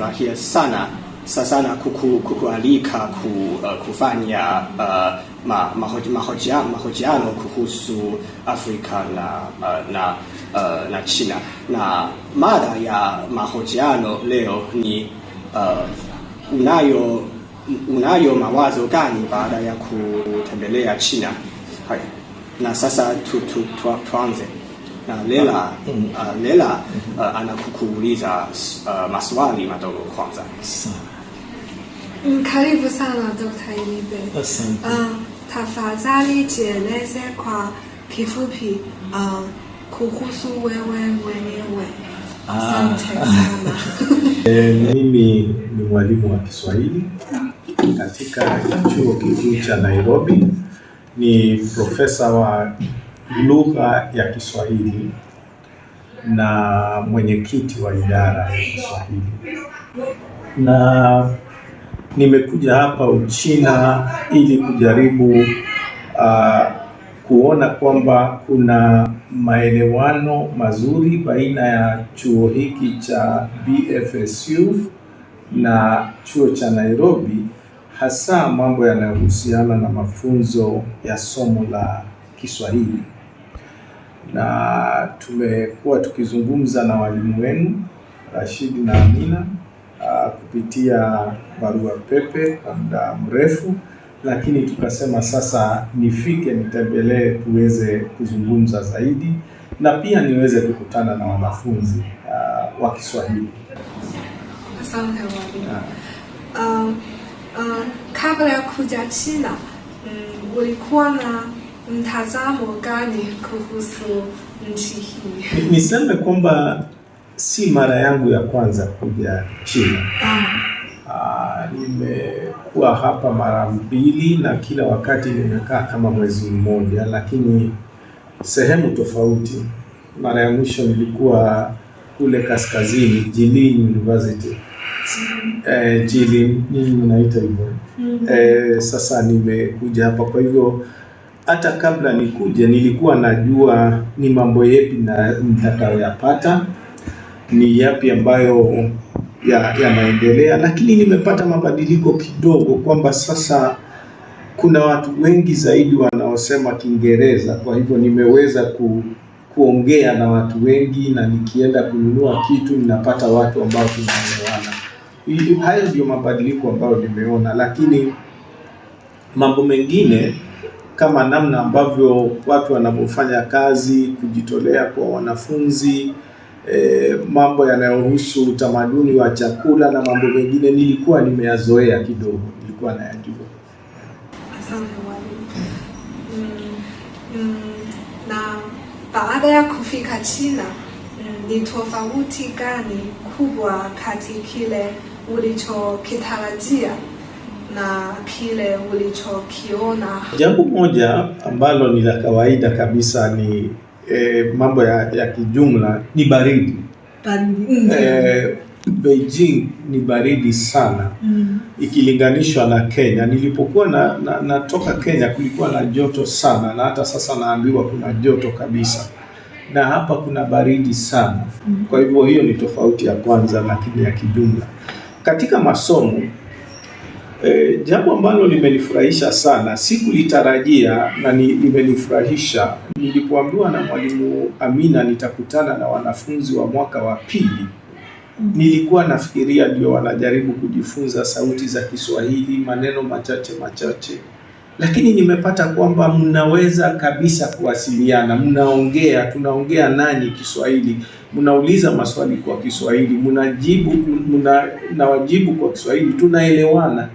tunafurahia sana sana kuku, kukualika ku, uh, kufanya uh, ma, mahoji, mahojiano mahojiano kuhusu Afrika na uh, na uh, na China, na mada ya mahojiano leo ni uh, unayo unayo mawazo gani baada ya kutembelea China? Hai. Na sasa tu, tu, tu, tuanze. Lela mm-hmm. uh, Lela uh, anakukuuliza uh, maswali madogo kwanza. Mm, karibu sana Dr. Ibe. Asante. Uh, tafadhali jieleze kwa kifupi kuhusu wewe mwenyewe. Ah. Asante sana. E, mimi ni mwalimu wa Kiswahili katika chuo kikuu cha Nairobi, ni profesa wa lugha ya Kiswahili na mwenyekiti wa idara ya Kiswahili, na nimekuja hapa Uchina ili kujaribu uh, kuona kwamba kuna maelewano mazuri baina ya chuo hiki cha BFSU na chuo cha Nairobi, hasa mambo yanayohusiana na mafunzo ya somo la Kiswahili na tumekuwa tukizungumza na walimu wenu Rashid na Amina uh, kupitia barua pepe kwa muda mrefu, lakini tukasema sasa nifike nitembelee, tuweze kuzungumza zaidi na pia niweze kukutana na wanafunzi uh, wa Kiswahili. Asante mwalimu. Ah. Kabla ya kuja China, um, ulikuwa na mtazamo gani kuhusu nchi hii? Niseme kwamba si mara yangu ya kwanza kuja China. Ah. Ah, nimekuwa hapa mara mbili na kila wakati nimekaa kama mwezi mmoja, lakini sehemu tofauti. Mara ya mwisho nilikuwa kule kaskazini Jilin University Jilin, nyinyi eh, mnaita hivyo. Mm-hmm. Eh, sasa nimekuja hapa, kwa hivyo hata kabla nikuja nilikuwa najua ni mambo yepi na nitakayoyapata ni yapi ambayo yanaendelea ya, lakini nimepata mabadiliko kidogo, kwamba sasa kuna watu wengi zaidi wanaosema Kiingereza. Kwa hivyo nimeweza ku, kuongea na watu wengi, na nikienda kununua kitu ninapata watu ambao tunaelewana. Hayo ndio mabadiliko ambayo nimeona, lakini mambo mengine kama namna ambavyo watu wanavyofanya kazi, kujitolea kwa wanafunzi E, mambo yanayohusu utamaduni wa chakula na mambo mengine nilikuwa nimeyazoea kidogo, nilikuwa nayajua. Asante mwalimu. Mm, mm, na baada ya kufika China mm, ni tofauti gani kubwa kati kile ulichokitarajia na kile ulichokiona. Jambo moja ambalo ni la kawaida kabisa ni e, mambo ya, ya kijumla ni baridi. Baridi. E, Beijing ni baridi sana mm. Ikilinganishwa na Kenya. Nilipokuwa na, na natoka Kenya kulikuwa na joto sana, na hata sasa naambiwa kuna joto kabisa, na hapa kuna baridi sana mm. Kwa hivyo hiyo ni tofauti ya kwanza, lakini ya kijumla katika masomo E, jambo ambalo limenifurahisha sana, sikulitarajia na limenifurahisha nilipoambiwa na Mwalimu Amina nitakutana na wanafunzi wa mwaka wa pili. Nilikuwa nafikiria ndio wanajaribu kujifunza sauti za Kiswahili, maneno machache machache, lakini nimepata kwamba mnaweza kabisa kuwasiliana, mnaongea, tunaongea nanyi Kiswahili, mnauliza maswali kwa Kiswahili, mnajibu, mnawajibu kwa Kiswahili, tunaelewana.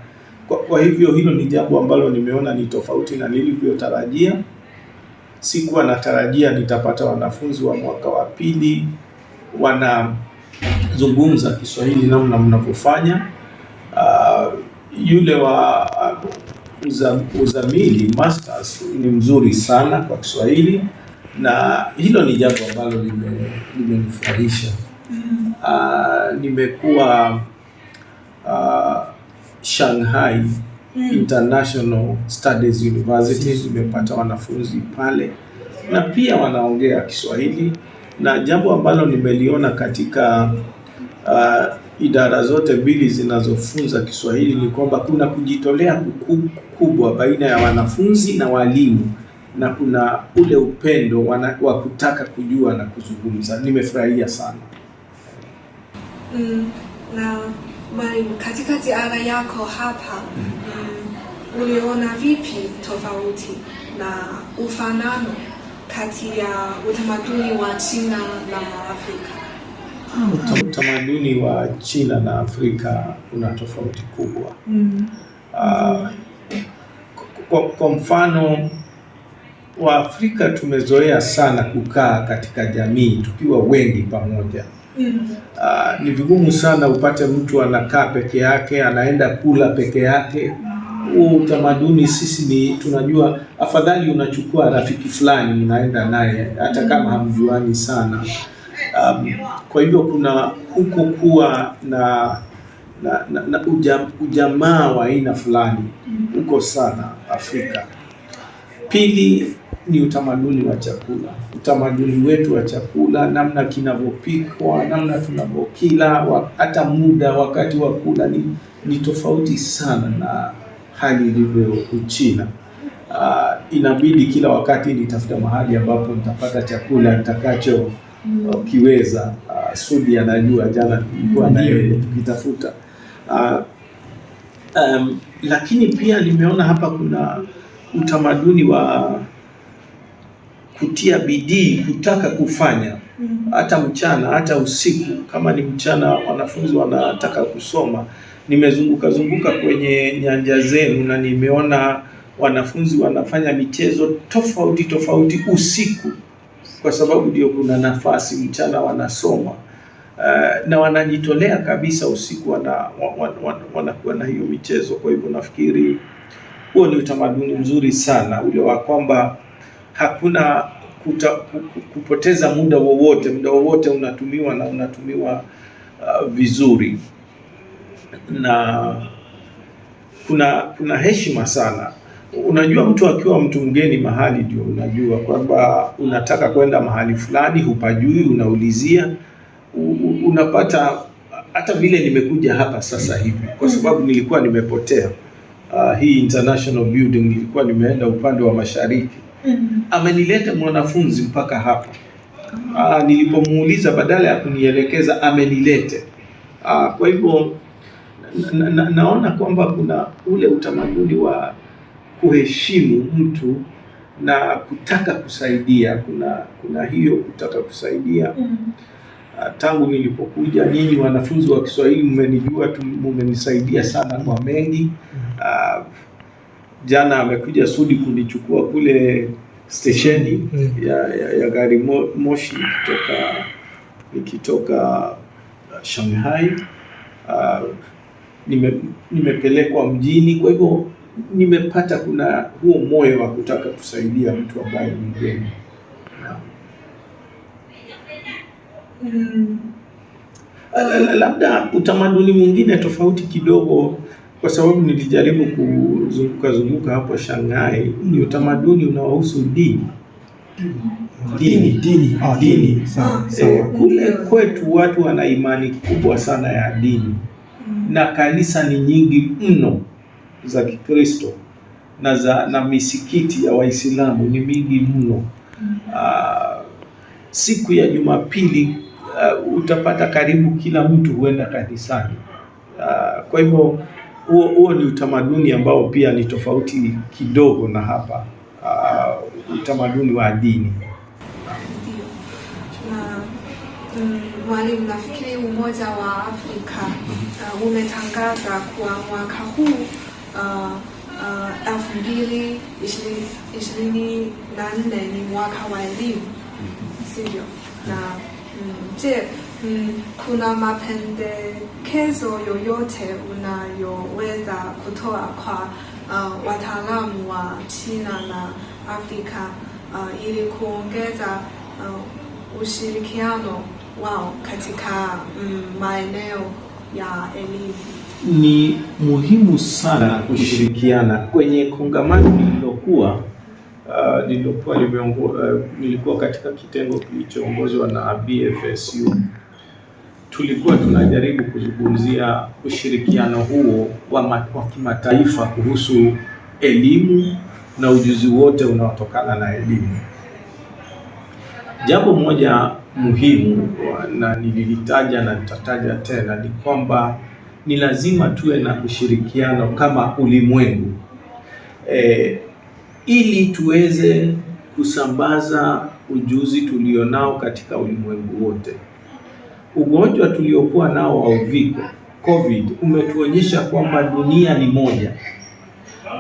Kwa, kwa hivyo hilo ni jambo ambalo nimeona ni tofauti na nilivyotarajia. Sikuwa natarajia nitapata wanafunzi wa mwaka wa pili wanazungumza Kiswahili namna mnavyofanya. Uh, yule wa uh, uzamili masters ni mzuri sana kwa Kiswahili na hilo ni jambo ambalo limenifurahisha. Mm. Uh, nimekuwa uh, Shanghai mm. International Studies University, tumepata wanafunzi pale na pia wanaongea Kiswahili, na jambo ambalo nimeliona katika uh, idara zote mbili zinazofunza Kiswahili ni kwamba kuna kujitolea kubwa baina ya wanafunzi na walimu na kuna ule upendo wa kutaka kujua na kuzungumza. Nimefurahia sana mm, na katikati ala yako hapa mm, uliona vipi tofauti na ufanano kati ya utamaduni wa China na Afrika? Ah, utamaduni wa China na Afrika una tofauti kubwa Uh, kwa, kwa mfano Waafrika tumezoea sana kukaa katika jamii tukiwa wengi pamoja mm. Uh, ni vigumu sana upate mtu anakaa peke yake, anaenda kula peke yake. Huu utamaduni sisi ni tunajua, afadhali unachukua rafiki fulani unaenda naye hata kama hamjuani sana. Um, kwa hivyo kuna huko kuwa na na, na, na ujam, ujamaa wa aina fulani huko sana Afrika. Pili, ni utamaduni wa chakula, utamaduni wetu wa chakula, namna kinavyopikwa, namna tunavyokila, hata muda wakati wa kula ni, ni tofauti sana na hali ilivyo Uchina. Uh, ah, inabidi kila wakati nitafuta mahali ambapo nitapata chakula nitakacho mm. kiweza. Uh, Sudi anajua jana nilikuwa mm. naye tukitafuta uh, um, lakini pia nimeona hapa kuna utamaduni wa kutia bidii, kutaka kufanya mm-hmm. hata mchana hata usiku. Kama ni mchana wanafunzi wanataka kusoma, nimezunguka zunguka kwenye nyanja zenu na nimeona wanafunzi wanafanya michezo tofauti tofauti usiku, kwa sababu ndio kuna nafasi. Mchana wanasoma uh, na wanajitolea kabisa usiku, wanakuwa wana, wana, wana, wana na hiyo michezo. Kwa hivyo nafikiri huo ni utamaduni mzuri sana ule wa kwamba hakuna kuta, kupoteza muda wowote. Muda wowote unatumiwa na unatumiwa uh, vizuri na kuna kuna heshima sana. Unajua, mtu akiwa mtu mgeni mahali ndio unajua kwamba unataka kwenda mahali fulani, hupajui, unaulizia, unapata hata vile nimekuja hapa sasa hivi, kwa sababu nilikuwa nimepotea. Uh, hii international building nilikuwa nimeenda upande wa mashariki Mm-hmm. Amenileta mwanafunzi mpaka hapa Aa, ah, nilipomuuliza badala ya kunielekeza amenilete. Ah, kwa hivyo na, na, naona kwamba kuna ule utamaduni wa kuheshimu mtu na kutaka kusaidia. Kuna kuna hiyo kutaka kusaidia mm. Tangu nilipokuja nyinyi wanafunzi wa Kiswahili mmenijua, mmenisaidia sana kwa mengi mm jana amekuja Sudi kunichukua kule stesheni mm. ya, ya, ya gari mo, moshi kutoka nikitoka uh, Shanghai uh, nime, nimepelekwa mjini. Kwa hivyo nimepata kuna huo moyo wa kutaka kusaidia mtu ambaye ni mgeni mm. Uh, labda utamaduni mwingine tofauti kidogo kwa sababu nilijaribu kuzunguka zunguka hapo Shanghai. Ni utamaduni unaohusu dini dini dini dini. Ah, ah, eh, Kule kwetu watu wana imani kubwa sana ya dini mm. na kanisa ni nyingi mno za Kikristo na za na misikiti ya Waislamu ni mingi mno. Mm. Ah, siku ya Jumapili uh, utapata karibu kila mtu huenda kanisani. Uh, kwa hivyo huo huo ni utamaduni ambao pia ni tofauti kidogo na hapa uh, utamaduni wa dini. Mm, mwalimu, nafikiri Umoja wa Afrika mhm. uh, umetangaza kwa mwaka huu uh, uh, elfu mbili ishirini na nne ni mwaka wa elimu, mhm. sivyo? na mm, je kuna mapendekezo yoyote unayoweza kutoa kwa uh, wataalamu wa China na Afrika uh, ili kuongeza uh, ushirikiano wao katika um, maeneo ya elimu? Ni muhimu sana kushirikiana kwenye kongamano lililokuwa Uh, lililokuwa uh, nilikuwa katika kitengo kilichoongozwa na BFSU tulikuwa tunajaribu kuzungumzia ushirikiano huo wa, wa kimataifa kuhusu elimu na ujuzi wote unaotokana na elimu. Jambo moja muhimu na nililitaja na nitataja tena ni kwamba ni lazima tuwe na ushirikiano kama ulimwengu e, ili tuweze kusambaza ujuzi tulionao katika ulimwengu wote ugonjwa tuliokuwa nao wa uviko COVID umetuonyesha kwamba dunia ni moja,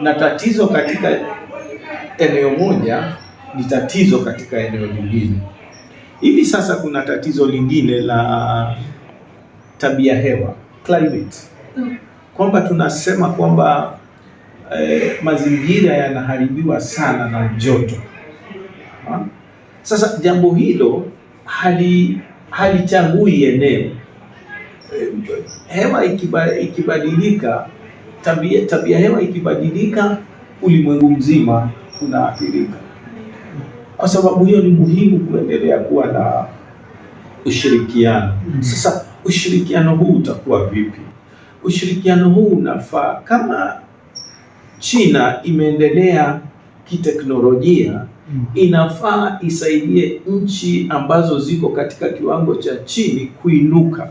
na tatizo katika eneo moja ni tatizo katika eneo lingine. Hivi sasa kuna tatizo lingine la tabia hewa climate, kwamba tunasema kwamba eh, mazingira yanaharibiwa sana na joto. Sasa jambo hilo hali halichagui eneo. Eh, hewa ikibadilika, tabia tabia hewa ikibadilika, ulimwengu mzima unaathirika. Kwa sababu hiyo, ni muhimu kuendelea kuwa na ushirikiano. Mm-hmm. Sasa ushirikiano huu utakuwa vipi? Ushirikiano huu unafaa kama China imeendelea kiteknolojia Mm. inafaa isaidie nchi ambazo ziko katika kiwango cha chini kuinuka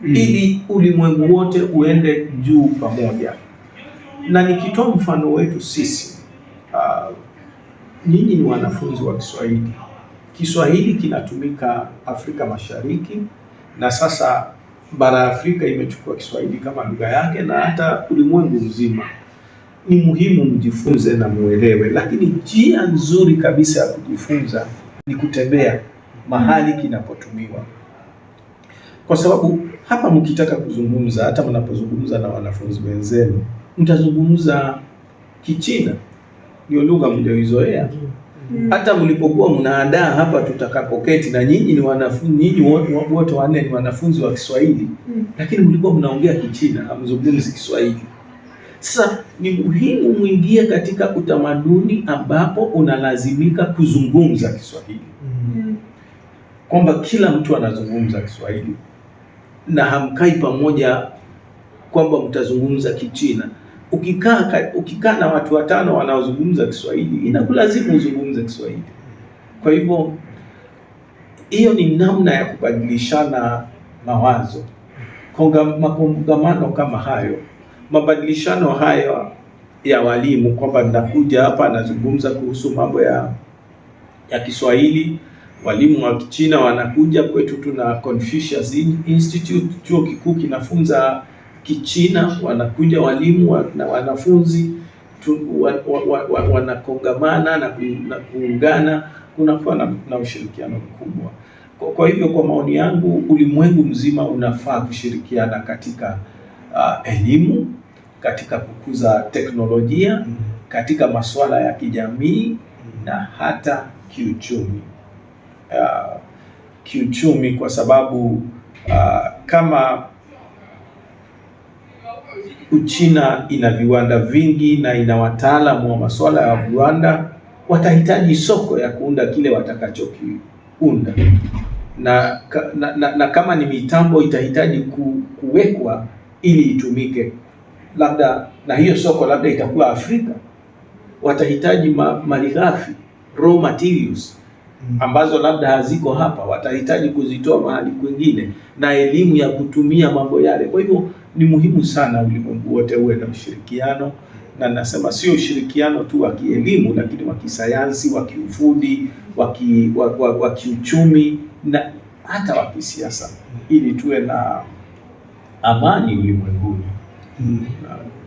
mm. ili ulimwengu wote uende juu pamoja. Na nikitoa mfano wetu sisi, uh, nyinyi ni wanafunzi wa Kiswahili. Kiswahili kinatumika Afrika Mashariki na sasa bara Afrika imechukua Kiswahili kama lugha yake na hata ulimwengu mzima ni muhimu mjifunze na muelewe, lakini njia nzuri kabisa ya kujifunza ni kutembea mahali kinapotumiwa, kwa sababu hapa mkitaka kuzungumza, hata mnapozungumza na wanafunzi wenzenu, mtazungumza Kichina, ndio lugha mlioizoea. Mm. Hata mlipokuwa mnaandaa hapa tutakapoketi, na nyinyi ni wanafunzi, nyinyi wote wanne ni wanafunzi wa Kiswahili, mm. lakini mlikuwa mnaongea Kichina, hamzungumzi Kiswahili. Sasa ni muhimu mwingie katika utamaduni ambapo unalazimika kuzungumza Kiswahili mm. kwamba kila mtu anazungumza Kiswahili na hamkai pamoja kwamba mtazungumza Kichina. Ukikaa ukikaa na watu watano wanaozungumza Kiswahili inakulazimu uzungumze Kiswahili. Kwa hivyo hiyo ni namna ya kubadilishana mawazo. kongamano makongamano kama hayo mabadilishano hayo ya walimu kwamba ninakuja hapa, anazungumza kuhusu mambo ya ya Kiswahili. Walimu wa Kichina wanakuja kwetu, tuna Confucius Institute, chuo kikuu kinafunza Kichina, wanakuja walimu na wanafunzi tu, wa, wa, wa, wa, wanakongamana na, na kuungana, kunakuwa na, na ushirikiano mkubwa. Kwa, kwa hivyo kwa maoni yangu ulimwengu mzima unafaa kushirikiana katika uh, elimu katika kukuza teknolojia mm. katika masuala ya kijamii mm. na hata kiuchumi uh, kiuchumi kwa sababu uh, kama Uchina ina viwanda vingi na ina wataalamu wa masuala ya viwanda, watahitaji soko ya kuunda kile watakachokiunda na, na, na, na kama ni mitambo itahitaji ku, kuwekwa ili itumike labda, na hiyo soko labda itakuwa Afrika, watahitaji ma, malighafi raw materials mm. ambazo labda haziko hapa, watahitaji kuzitoa mahali kwingine, na elimu ya kutumia mambo yale. Kwa hivyo ni muhimu sana ulimwengu wote uwe na ushirikiano, na nasema sio ushirikiano tu wa kielimu, lakini wa kisayansi, wa kiufundi, wa kiuchumi na hata wa kisiasa, ili tuwe na amani ulimwengu. Mm-hmm. Uh,